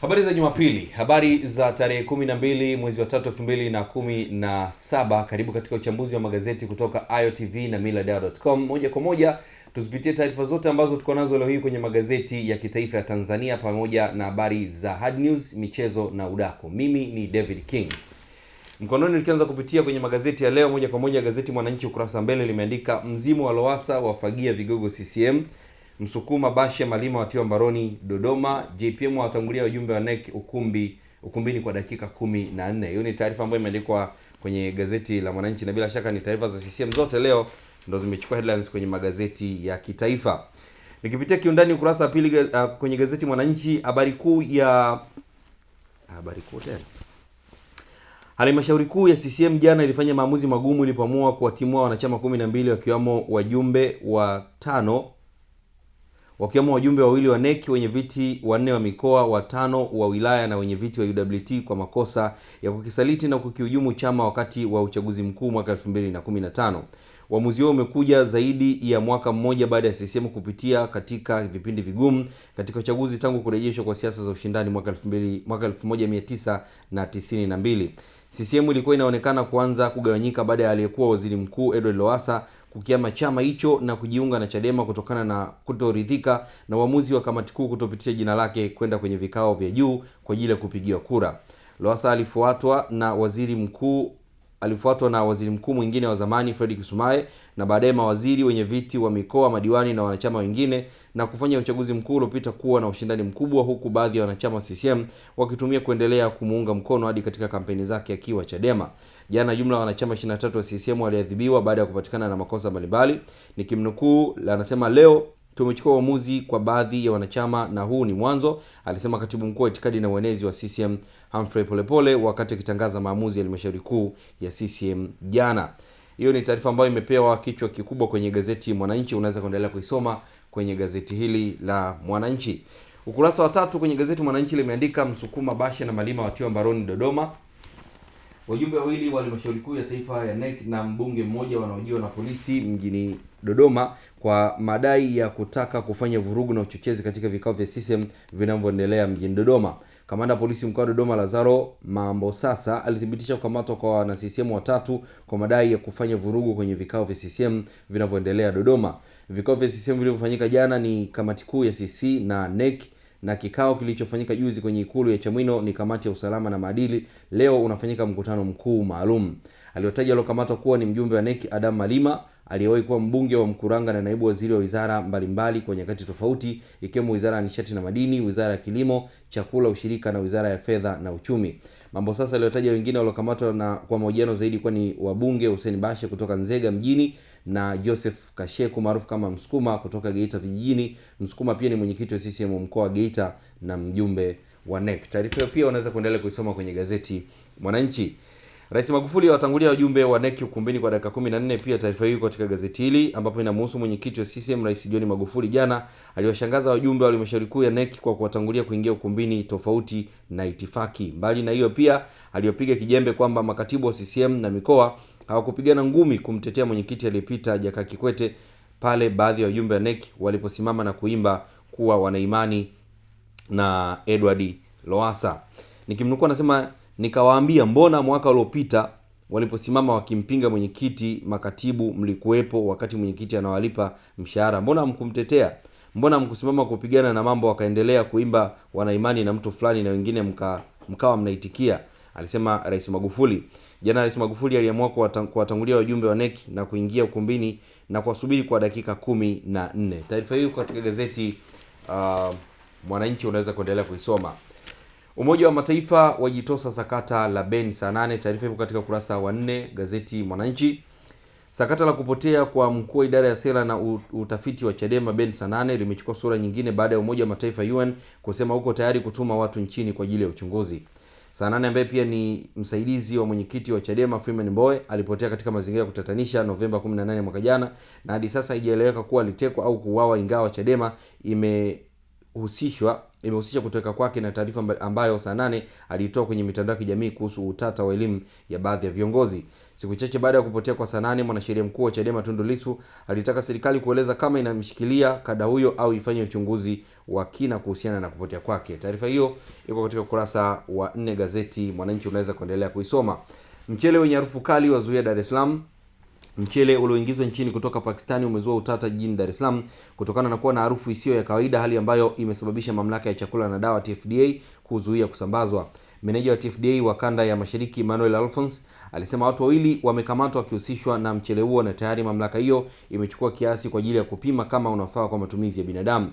Habari za Jumapili, habari za tarehe 12 mwezi wa 3 2017. Karibu katika uchambuzi wa magazeti kutoka iotv na millardayo.com. Moja kwa moja tuzipitie taarifa zote ambazo tuko nazo leo hii kwenye magazeti ya kitaifa ya Tanzania pamoja na habari za hard news, michezo na udaku. Mimi ni David King mkononi tukianza kupitia kwenye magazeti ya leo moja kwa moja. Gazeti Mwananchi ukurasa mbele limeandika mzimu wa Lowassa wafagia vigogo CCM Msukuma, Bashe Malima watiwa mbaroni Dodoma. JPM watangulia wajumbe wa NEC ukumbi ukumbini kwa dakika kumi na nne. Hiyo ni taarifa ambayo imeandikwa kwenye gazeti la Mwananchi, na bila shaka ni taarifa za CCM zote leo ndo zimechukua headlines kwenye magazeti ya kitaifa. Nikipitia kiundani ukurasa wa pili uh, kwenye gazeti Mwananchi, habari kuu ya habari kuu tena Halmashauri kuu ya CCM jana ilifanya maamuzi magumu ilipoamua kuwatimua wanachama 12 wakiwamo wajumbe wa tano wakiwemo wajumbe wawili wa NEC, wenye viti wanne wa mikoa, watano wa wilaya na wenye viti wa UWT kwa makosa ya kukisaliti na kukihujumu chama wakati wa uchaguzi mkuu mwaka 2015. Uamuzi huo umekuja zaidi ya mwaka mmoja baada ya CCM kupitia katika vipindi vigumu katika uchaguzi tangu kurejeshwa kwa siasa za ushindani mwaka 2000 mwaka 1992. CCM ilikuwa inaonekana kuanza kugawanyika baada ya aliyekuwa waziri mkuu Edward Lowassa kukiama chama hicho na kujiunga na Chadema kutokana na kutoridhika na uamuzi wa kamati kuu kutopitisha jina lake kwenda kwenye vikao vya juu kwa ajili ya kupigiwa kura. Lowassa alifuatwa na waziri mkuu alifuatwa na waziri mkuu mwingine wa zamani Fred kisumae na baadaye mawaziri wenye viti wa mikoa, madiwani na wanachama wengine, na kufanya uchaguzi mkuu uliopita kuwa na ushindani mkubwa, huku baadhi ya wanachama wa CCM wakitumia kuendelea kumuunga mkono hadi katika kampeni zake akiwa Chadema. Jana jumla wanachama 23 wa CCM waliadhibiwa baada ya kupatikana na makosa mbalimbali. Nikimnukuu anasema leo tumechukua uamuzi kwa baadhi ya wanachama na huu ni mwanzo, alisema katibu mkuu wa itikadi na uenezi wa CCM Humphrey Polepole wakati akitangaza maamuzi ya halmashauri kuu ya CCM jana. Hiyo ni taarifa ambayo imepewa kichwa kikubwa kwenye gazeti Mwananchi. Unaweza kuendelea kuisoma kwenye gazeti hili la Mwananchi. Ukurasa wa tatu kwenye gazeti Mwananchi limeandika Msukuma, Bashe na Malima watiwa mbaroni Dodoma. Wajumbe wawili wa halmashauri kuu ya taifa ya NEC na mbunge mmoja wanaojiwa na polisi mjini Dodoma kwa madai ya kutaka kufanya vurugu na uchochezi katika vikao vya CCM vinavyoendelea mjini Dodoma. Kamanda polisi mkoa wa Dodoma Lazaro Mambosasa alithibitisha kukamatwa kwa wana CCM watatu kwa madai ya kufanya vurugu kwenye vikao vya CCM vinavyoendelea Dodoma. Vikao vya CCM vilivyofanyika jana ni kamati kuu ya CC na NEC na kikao kilichofanyika juzi kwenye ikulu ya Chamwino ni kamati ya usalama na maadili. Leo unafanyika mkutano mkuu maalum. Aliotaja aliokamatwa kuwa ni mjumbe wa nek Adam Malima aliyewahi kuwa mbunge wa Mkuranga na naibu waziri wa wizara mbalimbali kwa nyakati tofauti ikiwemo wizara ya nishati na madini, wizara ya kilimo, chakula, ushirika na wizara ya fedha na uchumi mambo sasa aliwataja wengine waliokamatwa na kwa mahojiano zaidi kuwa ni wabunge Hussein Bashe kutoka Nzega mjini na Joseph Kasheku maarufu kama Msukuma kutoka Geita vijijini. Msukuma pia ni mwenyekiti wa CCM mkoa wa Geita na mjumbe wa NEC. Taarifa hiyo pia unaweza kuendelea kuisoma kwenye gazeti Mwananchi. Rais Magufuli awatangulia wajumbe wa NEC ukumbini kwa dakika 14. Pia taarifa hiyo iko katika gazeti hili ambapo inamhusu mwenyekiti wa CCM Rais John Magufuli. Jana aliwashangaza wajumbe wa halmashauri kuu ya NEC kwa kuwatangulia kuingia ukumbini tofauti na itifaki. Mbali na hiyo, pia aliyopiga kijembe kwamba makatibu wa CCM na mikoa hawakupigana ngumi kumtetea mwenyekiti aliyepita Jaka Kikwete pale baadhi ya wajumbe wa NEC waliposimama na kuimba kuwa wanaimani na Edward Lowassa. Nikimnukuu anasema nikawaambia mbona mwaka uliopita waliposimama wakimpinga mwenyekiti, makatibu mlikuwepo wakati mwenyekiti anawalipa mshahara, mbona mkumtetea Mbona mkusimama kupigana na mambo, wakaendelea kuimba wanaimani na mtu fulani na wengine mka, mkawa mnaitikia? Alisema Rais Magufuli. Jana Rais Magufuli aliamua kuwatangulia wajumbe wa NEC na kuingia ukumbini na kuwasubiri kwa dakika kumi na nne. Taarifa hiyo katika gazeti uh, Mwananchi unaweza kuendelea kuisoma. Umoja wa Mataifa wajitosa sakata la Ben Saanane. Taarifa ipo katika ukurasa wa nne gazeti Mwananchi. Sakata la kupotea kwa mkuu wa idara ya sera na utafiti wa Chadema Ben Saanane limechukua sura nyingine baada ya Umoja wa Mataifa UN kusema uko tayari kutuma watu nchini kwa ajili ya uchunguzi. Saanane ambaye pia ni msaidizi wa mwenyekiti wa Chadema Freeman Mbowe alipotea katika mazingira ya kutatanisha Novemba 18 mwaka jana, na hadi sasa haijaeleweka kuwa alitekwa au kuuawa, ingawa Chadema ime kuhusishwa imehusisha kutoweka kwake na taarifa ambayo saa nane aliitoa kwenye mitandao ya kijamii kuhusu utata wa elimu ya baadhi ya viongozi. Siku chache baada ya kupotea kwa saa nane, mwanasheria mkuu wa Chadema Tundu Lissu alitaka serikali kueleza kama inamshikilia kada huyo au ifanye uchunguzi wa kina kuhusiana na kupotea kwake. Taarifa hiyo iko katika ukurasa wa nne gazeti Mwananchi, unaweza kuendelea kuisoma. Mchele wenye harufu kali wazuia Dar es Salaam. Mchele ulioingizwa nchini kutoka Pakistani umezua utata jijini Dar es Salaam kutokana na kuwa na harufu isiyo ya kawaida, hali ambayo imesababisha mamlaka ya chakula na dawa TFDA kuzuia kusambazwa. Meneja wa TFDA wa kanda ya Mashariki Emmanuel Alphonse alisema watu wawili wamekamatwa wakihusishwa na mchele huo na tayari mamlaka hiyo imechukua kiasi kwa ajili ya kupima kama unafaa kwa matumizi ya binadamu.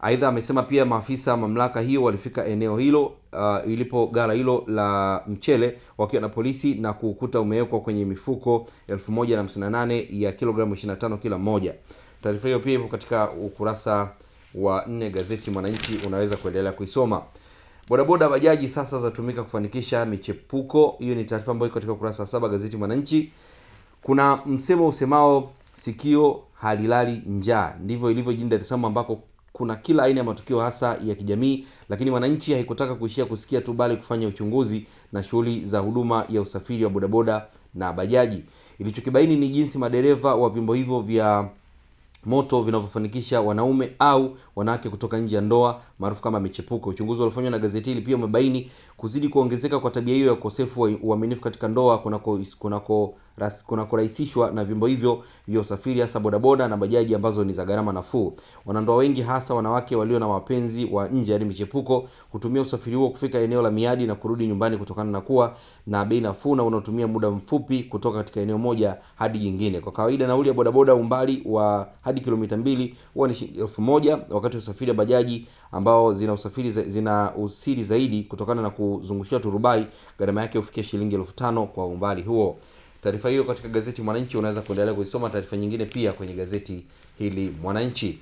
Aidha amesema pia maafisa mamlaka hiyo walifika eneo hilo uh, ilipo gala hilo la mchele wakiwa na polisi na kukuta umewekwa kwenye mifuko 1058 ya kilogramu 25 kila moja. Taarifa hiyo pia ipo katika ukurasa wa nne gazeti Mwananchi, unaweza kuendelea kuisoma. Bodaboda bajaji sasa zatumika kufanikisha michepuko hiyo, ni taarifa ambayo katika ukurasa wa saba gazeti Mwananchi. Kuna msemo usemao sikio halilali njaa, ndivyo ilivyo jijini Dar ambako kuna kila aina ya matukio hasa ya kijamii, lakini wananchi haikutaka kuishia kusikia tu, bali kufanya uchunguzi na shughuli za huduma ya usafiri wa bodaboda na bajaji. Ilichokibaini ni jinsi madereva wa vyombo hivyo vya moto vinavyofanikisha wanaume au wanawake kutoka nje ya ndoa maarufu kama michepuko. Uchunguzi uliofanywa na gazeti hili pia umebaini kuzidi kuongezeka kwa tabia hiyo ya ukosefu wa uaminifu katika ndoa kunakorahisishwa na vyombo hivyo vya usafiri hasa bodaboda na bajaji ambazo ni za gharama nafuu. Wanandoa wengi hasa wanawake walio na wapenzi wa nje, yaani michepuko, hutumia usafiri huo kufika eneo la miadi na kurudi nyumbani kutokana na kuwa na bei nafuu na unaotumia muda mfupi kutoka katika eneo moja hadi jingine. Kwa kawaida nauli ya bodaboda umbali wa hadi hadi kilomita mbili huwa ni shilingi elfu moja wakati usafiri wa bajaji ambao zina usafiri zina usiri zaidi kutokana na kuzungushia turubai gharama yake hufikia shilingi elfu tano kwa umbali huo. Taarifa hiyo katika gazeti Mwananchi, unaweza kuendelea kuzisoma taarifa nyingine pia kwenye gazeti hili Mwananchi.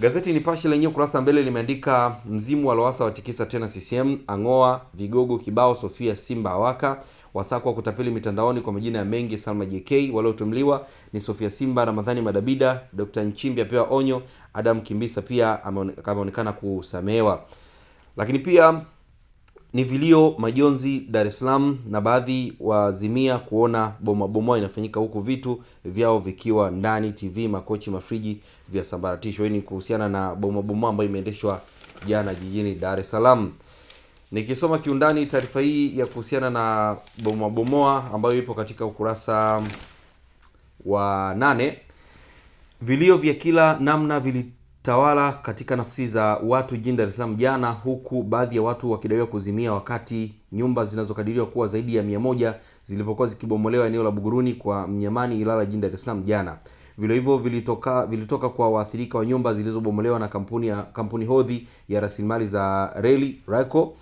Gazeti Nipashe lenye ukurasa mbele limeandika mzimu wa Lowassa watikisa tena CCM, Ang'oa vigogo kibao, Sofia Simba awaka, wasakwa kutapeli mitandaoni kwa majina ya mengi, Salma JK, waliotumliwa ni Sofia Simba, Ramadhani Madabida, Dr. Nchimbi apewa onyo, Adam Kimbisa pia ameonekana kusamehewa, lakini pia ni vilio majonzi Dar es Salaam na baadhi waazimia kuona bomoabomoa inafanyika huku vitu vyao vikiwa ndani, TV, makochi, mafriji vya sambaratishwa. Hii ni kuhusiana na bomoabomoa ambayo imeendeshwa jana jijini Dar es Salaam. Nikisoma kiundani taarifa hii ya kuhusiana na bomoabomoa ambayo ipo katika ukurasa wa nane, vilio vya kila namna vili tawala katika nafsi za watu jijini Dar es Salaam jana, huku baadhi ya watu wakidaiwa kuzimia wakati nyumba zinazokadiriwa kuwa zaidi ya mia moja zilipokuwa zikibomolewa eneo la Buguruni kwa Mnyamani, Ilala jijini Dar es Salaam jana. vilo hivyo vilitoka vilitoka kwa waathirika wa nyumba zilizobomolewa na kampuni ya kampuni hodhi ya rasilimali za reli rico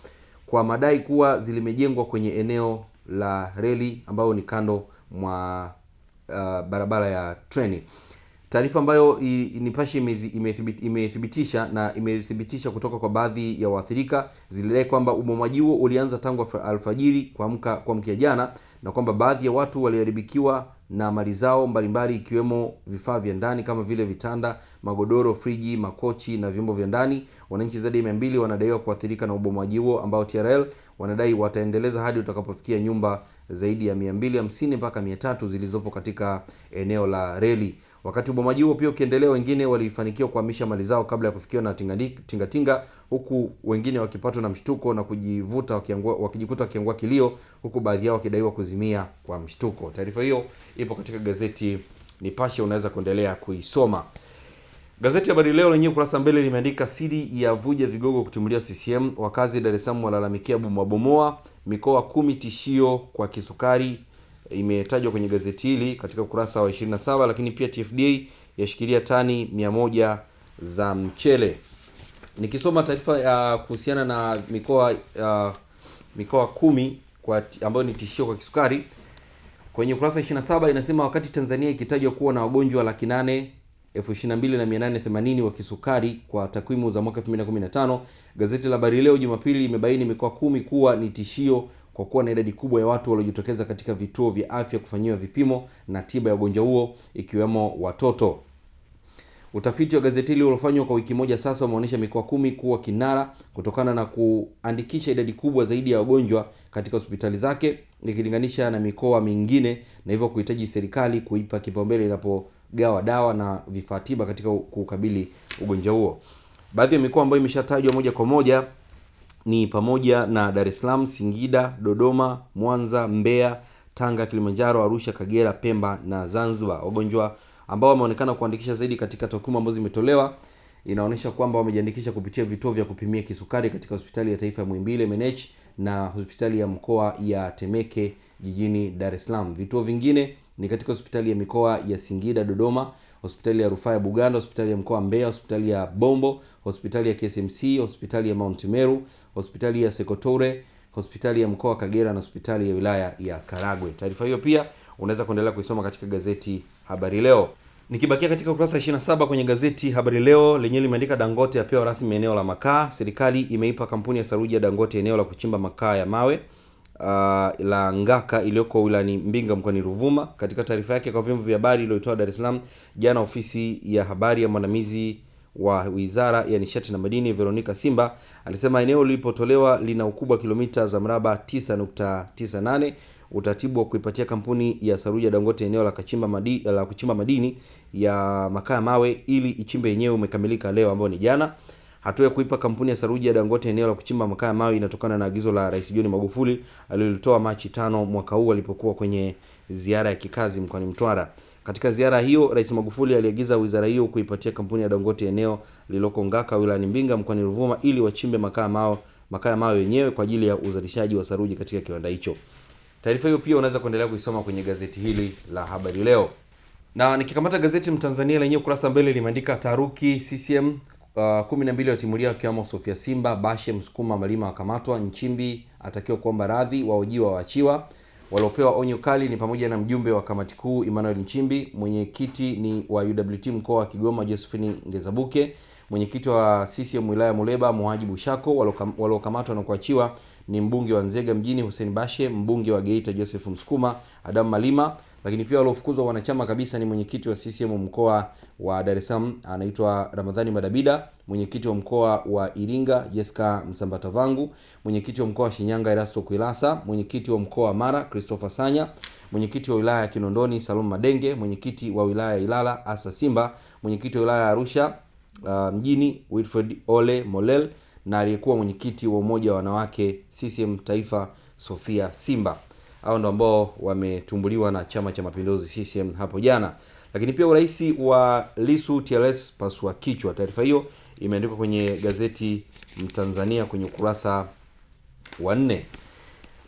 kwa madai kuwa zilimejengwa kwenye eneo la reli ambayo ni kando mwa uh, barabara ya treni. Taarifa ambayo Nipashe imethibitisha na imethibitisha kutoka kwa baadhi ya waathirika zilidai kwamba ubomaji huo ulianza tangu alfajiri kuamka kuamkia jana, na kwamba baadhi ya watu waliharibikiwa na mali zao mbalimbali ikiwemo vifaa vya ndani kama vile vitanda, magodoro, friji, makochi na vyombo vya ndani. Wananchi zaidi ya mia mbili wanadaiwa kuathirika na ubomaji huo ambao TRL wanadai wataendeleza hadi utakapofikia nyumba zaidi ya hamsini mpaka tatu zilizopo katika eneo la reli. Wakati ubomaji huo pia ukiendelea, wengine walifanikiwa kuhamisha mali zao kabla ya kufikiwa na tingatinga, tinga, huku wengine wakipatwa na mshtuko na kujivuta wakiangua, wakijikuta wakiangua kilio, huku baadhi yao wakidaiwa kuzimia kwa mshtuko. Taarifa hiyo ipo katika gazeti Nipashe, unaweza kuendelea kuisoma. Gazeti Habari Leo lenyewe kurasa mbele limeandika siri ya vuja vigogo kutimulia CCM, wakazi Dar es Salaam walalamikia bomoabomoa, mikoa kumi tishio kwa kisukari imetajwa kwenye gazeti hili katika ukurasa wa 27, lakini pia TFDA yashikilia tani 100 za mchele. Nikisoma taarifa ya uh, kuhusiana na mikoa uh, mikoa kumi kwa ambayo ni tishio kwa kisukari kwenye ukurasa 27 inasema wakati Tanzania ikitajwa kuwa na wagonjwa laki nane elfu ishirini na mbili na mia nane themanini wa kisukari kwa takwimu za mwaka 2015, gazeti la Habari Leo Jumapili imebaini mikoa kumi kuwa ni tishio kwa kuwa na idadi kubwa ya watu waliojitokeza katika vituo vya afya kufanyiwa vipimo na tiba ya ugonjwa huo ikiwemo watoto. Utafiti wa gazeti hili uliofanywa kwa wiki moja sasa umeonyesha mikoa kumi kuwa kinara kutokana na kuandikisha idadi kubwa zaidi ya wagonjwa katika hospitali zake ikilinganisha na mikoa mingine, na hivyo kuhitaji serikali kuipa kipaumbele inapogawa dawa na vifaa tiba katika kukabili ugonjwa huo. Baadhi ya mikoa ambayo imeshatajwa moja kwa moja ni pamoja na Dar es Salaam, Singida, Dodoma, Mwanza, Mbeya, Tanga, Kilimanjaro, Arusha, Kagera, Pemba na Zanzibar. Wagonjwa ambao wameonekana kuandikisha zaidi katika takwimu ambazo zimetolewa inaonyesha kwamba wamejiandikisha kupitia vituo vya kupimia kisukari katika hospitali ya taifa ya Muhimbili MNH na hospitali ya mkoa ya Temeke jijini Dar es Salaam. Vituo vingine ni katika hospitali ya mikoa ya Singida, Dodoma, hospitali ya rufaa ya Buganda, hospitali ya mkoa Mbeya, hospitali ya Bombo, hospitali ya KSMC, hospitali ya Mount Meru, hospitali ya sekotore hospitali ya mkoa wa Kagera na hospitali ya wilaya ya Karagwe. Taarifa hiyo pia unaweza kuendelea kuisoma katika gazeti Habari Leo. Nikibakia katika ukurasa 27 kwenye gazeti Habari Leo lenyewe limeandika Dangote apewa rasmi eneo la makaa. Serikali imeipa kampuni ya saruji ya Dangote eneo la kuchimba makaa ya mawe uh, la Ngaka iliyoko wilani Mbinga mkoani Ruvuma. Katika taarifa yake kwa vyombo vya habari iliyotoa Dar es Salaam jana, ofisi ya habari ya mwandamizi wa Wizara ya Nishati na Madini Veronica Simba alisema eneo lilipotolewa lina ukubwa wa kilomita za mraba 9.98. Utaratibu wa kuipatia kampuni ya saruji Dangote eneo la kuchimba madini, la kuchimba madini ya makaa mawe ili ichimbe yenyewe umekamilika leo ambao ni jana. Hatua ya kuipa kampuni ya saruji ya Dangote eneo la kuchimba makaa mawe inatokana na agizo la Rais John Magufuli alilotoa Machi tano mwaka huu alipokuwa kwenye ziara ya kikazi mkoani Mtwara. Katika ziara hiyo, Rais Magufuli aliagiza wizara hiyo kuipatia kampuni ya Dangote eneo lililoko Ngaka wilayani Mbinga mkoani Ruvuma ili wachimbe makaa mawe makaa mawe yenyewe kwa ajili ya uzalishaji wa saruji katika kiwanda hicho. Taarifa hiyo pia unaweza kuendelea kuisoma kwenye gazeti hili la Habari Leo. Na nikikamata gazeti Mtanzania lenyewe ukurasa mbele limeandika taruki CCM uh, kumi na mbili watimulia wakiwamo Sofia Simba, Bashe, Msukuma, Malima wakamatwa, Nchimbi atakiwa kuomba radhi, waojiwa waachiwa Waliopewa onyo kali ni pamoja na mjumbe wa kamati kuu Emmanuel Nchimbi, mwenyekiti ni wa UWT mkoa wa Kigoma Josephine Ngezabuke, mwenyekiti wa CCM wilaya Muleba Muhajibu Shako. Waliokamatwa na kuachiwa ni mbunge wa Nzega mjini Hussein Bashe, mbunge wa Geita Joseph Msukuma, Adam Malima, lakini pia waliofukuzwa wanachama kabisa ni mwenyekiti wa CCM mkoa wa Dar es Salaam anaitwa Ramadhani Madabida, mwenyekiti wa mkoa wa Iringa Jeska Msambatavangu, mwenyekiti wa mkoa wa Shinyanga Erasto Kuilasa, mwenyekiti wa mkoa wa Mara Christopher Sanya, mwenyekiti wa wilaya ya Kinondoni Salum Madenge, mwenyekiti wa wilaya ya Ilala Asa Simba, mwenyekiti wa wilaya ya Arusha uh, mjini Wilfred Ole Molel na aliyekuwa mwenyekiti wa umoja wa wanawake CCM taifa Sofia Simba hao ndo ambao wametumbuliwa na Chama cha Mapinduzi CCM hapo jana. Lakini pia urais wa lisu TLS pasua kichwa. Taarifa hiyo imeandikwa kwenye gazeti Mtanzania kwenye ukurasa wa nne.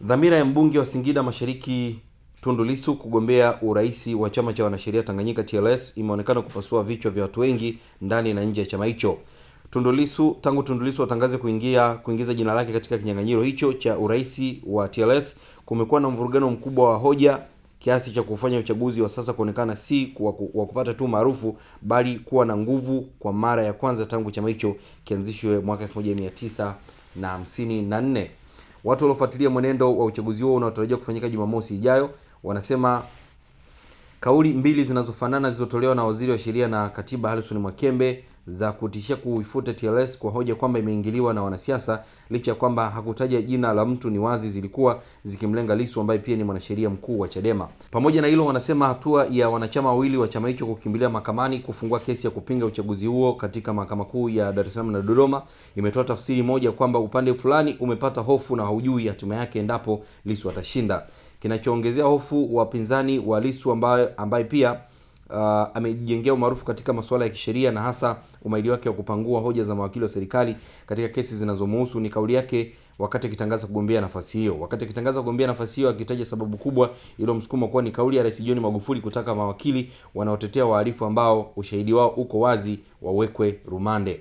Dhamira ya mbunge wa Singida Mashariki Tundu Lisu kugombea urais wa chama cha wanasheria Tanganyika TLS imeonekana kupasua vichwa vya watu wengi ndani na nje ya chama hicho. Tundulisu tangu Tundulisu watangaze kuingia kuingiza jina lake katika kinyang'anyiro hicho cha uraisi wa TLS, kumekuwa na mvurugano mkubwa wa hoja kiasi cha kufanya uchaguzi wa sasa kuonekana si wa kupata tu maarufu bali kuwa na nguvu kwa mara ya kwanza tangu chama hicho kianzishwe mwaka 1954. Watu waliofuatilia mwenendo wa uchaguzi huo unaotarajiwa kufanyika Jumamosi ijayo wanasema kauli mbili zinazofanana zilizotolewa na waziri wa sheria na katiba Harrison Mwakembe za kutishia kuifuta TLS kwa hoja kwamba imeingiliwa na wanasiasa, licha ya kwamba hakutaja jina la mtu, ni wazi zilikuwa zikimlenga Lissu ambaye pia ni mwanasheria mkuu wa Chadema. Pamoja na hilo, wanasema hatua ya wanachama wawili wa chama hicho kukimbilia mahakamani kufungua kesi ya kupinga uchaguzi huo katika mahakama kuu ya Dar es Salaam na Dodoma imetoa tafsiri moja kwamba upande fulani umepata hofu na haujui hatima yake endapo Lissu atashinda. Kinachoongezea hofu wapinzani wa Lissu ambaye, ambaye pia uh, amejengea umaarufu katika masuala ya kisheria na hasa umahiri wake wa kupangua hoja za mawakili wa serikali katika kesi zinazomuhusu. Ni kauli yake wakati akitangaza kugombea nafasi hiyo. Wakati akitangaza kugombea nafasi hiyo, akitaja sababu kubwa iliyomsukuma kuwa ni kauli ya Rais John Magufuli kutaka mawakili wanaotetea wahalifu ambao ushahidi wao uko wazi wawekwe rumande.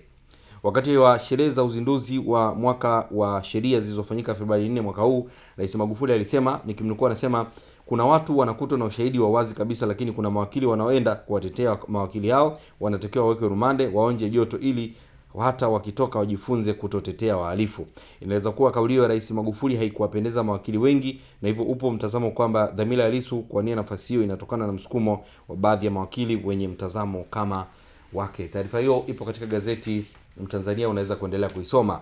Wakati wa sherehe za uzinduzi wa mwaka wa sheria zilizofanyika Februari 4 mwaka huu, Rais Magufuli alisema nikimnukuu, anasema kuna watu wanakutwa na ushahidi wa wazi kabisa, lakini kuna mawakili wanaoenda kuwatetea mawakili hao wanatakiwa wawekwe rumande, waonje joto ili hata wakitoka wajifunze kutotetea wahalifu. Inaweza kuwa kauli hiyo ya Rais Magufuli haikuwapendeza mawakili wengi, na hivyo upo mtazamo kwamba dhamira ya Lissu kuwania nafasi hiyo inatokana na msukumo wa baadhi ya mawakili wenye mtazamo kama wake. Taarifa hiyo ipo katika gazeti Mtanzania, unaweza kuendelea kuisoma.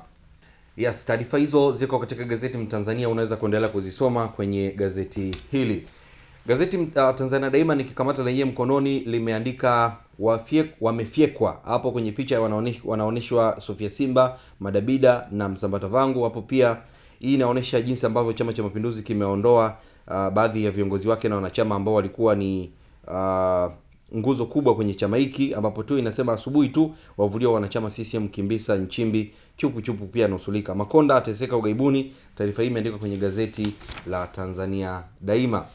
Yes, taarifa hizo ziko katika gazeti Mtanzania, unaweza kuendelea kuzisoma kwenye gazeti hili. Gazeti uh, Tanzania Daima nikikamata lenyewe mkononi limeandika wafye, wamefyekwa hapo kwenye picha wanaonyeshwa Sofia Simba, Madabida na Msambata vangu hapo pia. Hii inaonyesha jinsi ambavyo Chama cha Mapinduzi kimeondoa uh, baadhi ya viongozi wake na wanachama ambao walikuwa ni uh, nguzo kubwa kwenye chama hiki ambapo tu inasema asubuhi tu wavuliwa wanachama CCM Kimbisa, Nchimbi, Chupu Chupu pia nusulika. Makonda ateseka ugaibuni. Taarifa hii imeandikwa kwenye gazeti la Tanzania Daima.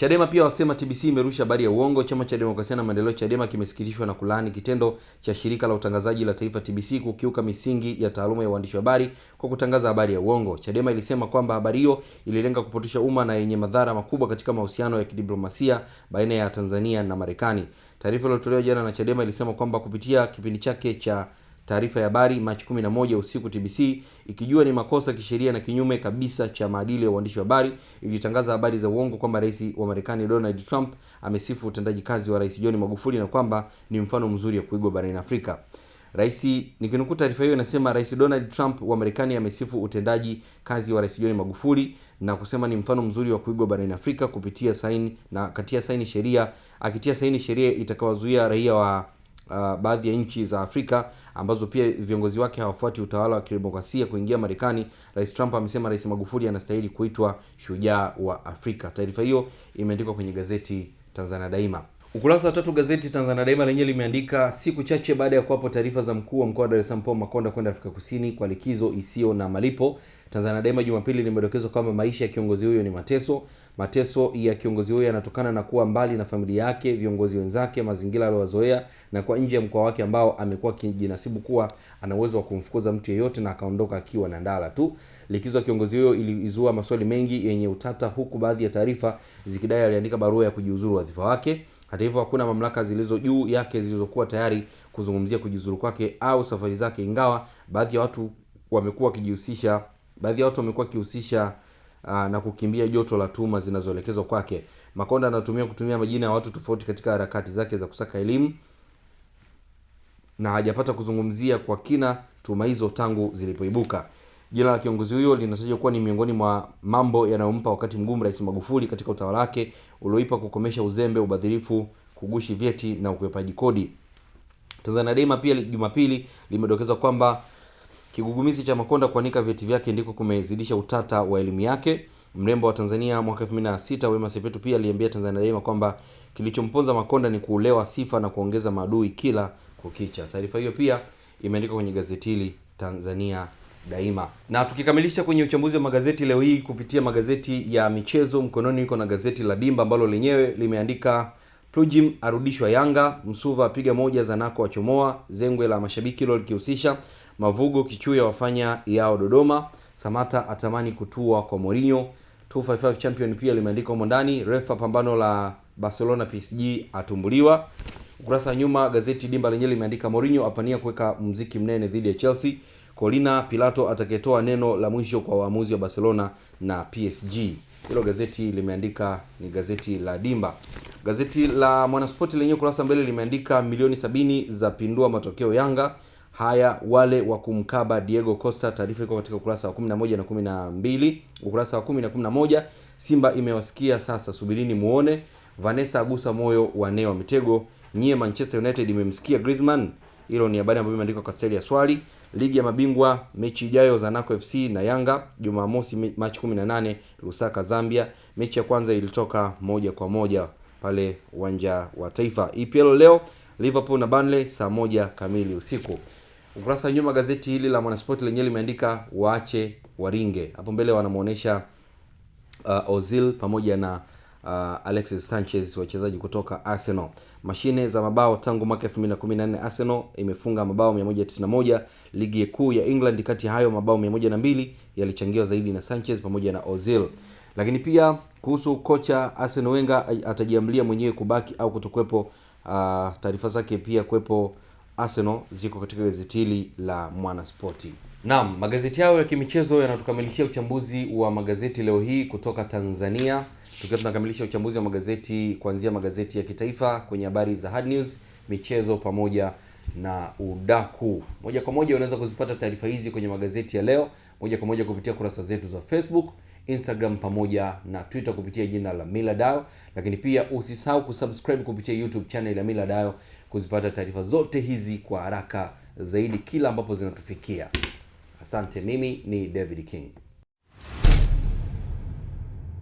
Chadema pia wasema TBC imerusha habari ya uongo. Chama cha Demokrasia na Maendeleo Chadema kimesikitishwa na kulaani kitendo cha shirika la utangazaji la taifa TBC kukiuka misingi ya taaluma ya uandishi wa habari kwa kutangaza habari ya uongo. Chadema ilisema kwamba habari hiyo ililenga kupotosha umma na yenye madhara makubwa katika mahusiano ya kidiplomasia baina ya Tanzania na Marekani. Taarifa iliyotolewa jana na Chadema ilisema kwamba kupitia kipindi chake cha taarifa ya habari Machi 11 usiku TBC ikijua ni makosa kisheria na kinyume kabisa cha maadili ya uandishi wa habari, ilitangaza habari za uongo kwamba rais wa Marekani Donald Trump amesifu utendaji kazi wa Rais John Magufuli na kwamba ni mfano mzuri wa kuigwa barani Afrika. Rais, nikinukuu taarifa hiyo inasema Rais Donald Trump wa Marekani amesifu utendaji kazi wa Rais John Magufuli na kusema ni mfano mzuri wa kuigwa barani Afrika kupitia saini na katia saini sheria akitia saini sheria itakawazuia raia wa uh, baadhi ya nchi za Afrika ambazo pia viongozi wake hawafuati utawala wa kidemokrasia kuingia Marekani, Rais Trump amesema Rais Magufuli anastahili kuitwa shujaa wa Afrika. Taarifa hiyo imeandikwa kwenye gazeti Tanzania Daima. Ukurasa wa tatu gazeti Tanzania Daima lenyewe limeandika siku chache baada ya kuwapo taarifa za mkuu wa mkoa wa Dar es Salaam Paul Makonda kwenda Afrika Kusini kwa likizo isiyo na malipo. Tanzania Daima Jumapili limedokezwa kwamba maisha ya kiongozi huyo ni mateso. Mateso ya kiongozi huyo yanatokana na kuwa mbali na familia yake, viongozi wenzake, mazingira aliyowazoea na kwa nje ya mkoa wake ambao amekuwa akijinasibu kuwa ana uwezo wa kumfukuza mtu yeyote na akaondoka akiwa na ndala tu. Likizo ya kiongozi huyo ilizua maswali mengi yenye utata, huku baadhi ya taarifa zikidai aliandika barua ya kujiuzuru wadhifa wake. Hata hivyo hakuna mamlaka zilizo juu yake zilizokuwa tayari kuzungumzia kujiuzuru kwake au safari zake, ingawa baadhi ya watu wamekuwa wakijihusisha baadhi ya watu wamekuwa wakihusisha Ah, na kukimbia joto la tuma zinazoelekezwa kwake. Makonda anatumia kutumia majina ya watu tofauti katika harakati zake za kusaka elimu na hajapata kuzungumzia kwa kina tuma hizo tangu zilipoibuka. Jina la kiongozi huyo linatajwa kuwa ni miongoni mwa mambo yanayompa wakati mgumu Rais Magufuli katika utawala wake ulioipa kukomesha uzembe, ubadhirifu, kugushi vyeti na ukwepaji kodi. Tanzania Daima pia Jumapili limedokeza kwamba Kigugumizi cha Makonda kuanika vyeti vyake ndiko kumezidisha utata wa elimu yake. Mrembo wa Tanzania mwaka 2006 Wema Sepetu pia aliambia Tanzania Daima kwamba kilichomponza Makonda ni kuulewa sifa na kuongeza maadui kila kukicha. Taarifa hiyo pia imeandikwa kwenye gazeti hili Tanzania Daima. Na tukikamilisha kwenye uchambuzi wa magazeti leo hii kupitia magazeti ya michezo, mkononi iko na gazeti la Dimba ambalo lenyewe limeandika Plujim arudishwa Yanga, Msuva apiga moja, za nako achomoa, zengwe la mashabiki hilo likihusisha Mavugo Kichuya wafanya yao Dodoma. Samata atamani kutua kwa Mourinho. 255 Champion pia limeandika humo ndani. Refa pambano la Barcelona PSG atumbuliwa. Ukurasa wa nyuma gazeti Dimba lenyewe limeandika Mourinho apania kuweka mziki mnene dhidi ya Chelsea. Colina Pilato atakayetoa neno la mwisho kwa waamuzi wa Barcelona na PSG. Hilo gazeti limeandika ni gazeti la Dimba. Gazeti la Mwanaspoti lenyewe ukurasa mbele limeandika milioni sabini za pindua matokeo Yanga haya wale wa kumkaba Diego Costa. Taarifa iko katika ukurasa wa 11 na 12, ukurasa wa 10 na 11. Simba imewasikia sasa, subirini muone. Vanessa agusa moyo wa Neo mitego. Nyie Manchester United imemsikia Griezmann? Hilo ni habari ambayo imeandikwa kwa staili ya swali. Ligi ya mabingwa mechi ijayo, za Nako FC na Yanga Jumamosi Machi 18, Lusaka Zambia. Mechi ya kwanza ilitoka moja kwa moja pale uwanja wa Taifa. EPL leo Liverpool na Burnley saa moja kamili usiku. Ukurasa wa nyuma gazeti hili la Mwanaspoti lenyewe limeandika waache waringe. Hapo mbele wanamuonesha uh, Ozil pamoja na uh, Alexis Sanchez wachezaji kutoka Arsenal. Mashine za mabao tangu mwaka 2014 Arsenal imefunga mabao 191 ligi kuu ya England. Kati ya hayo mabao 102 yalichangiwa zaidi na Sanchez pamoja na Ozil. Lakini pia kuhusu kocha Arsene Wenger atajiamlia mwenyewe kubaki au kutokuwepo, uh, taarifa zake pia kuwepo Arsenal ziko katika gazeti hili la Mwanaspoti. Naam, magazeti hayo ya kimichezo yanatukamilishia uchambuzi wa magazeti leo hii kutoka Tanzania, tukiwa tunakamilisha uchambuzi wa magazeti kuanzia magazeti ya kitaifa kwenye habari za hard news, michezo pamoja na udaku. Moja kwa moja unaweza kuzipata taarifa hizi kwenye magazeti ya leo moja kwa moja kupitia kurasa zetu za Facebook Instagram pamoja na Twitter kupitia jina la Millard Dayo, lakini pia usisahau kusubscribe kupitia YouTube channel ya Millard Dayo kuzipata taarifa zote hizi kwa haraka zaidi kila ambapo zinatufikia. Asante, mimi ni David King.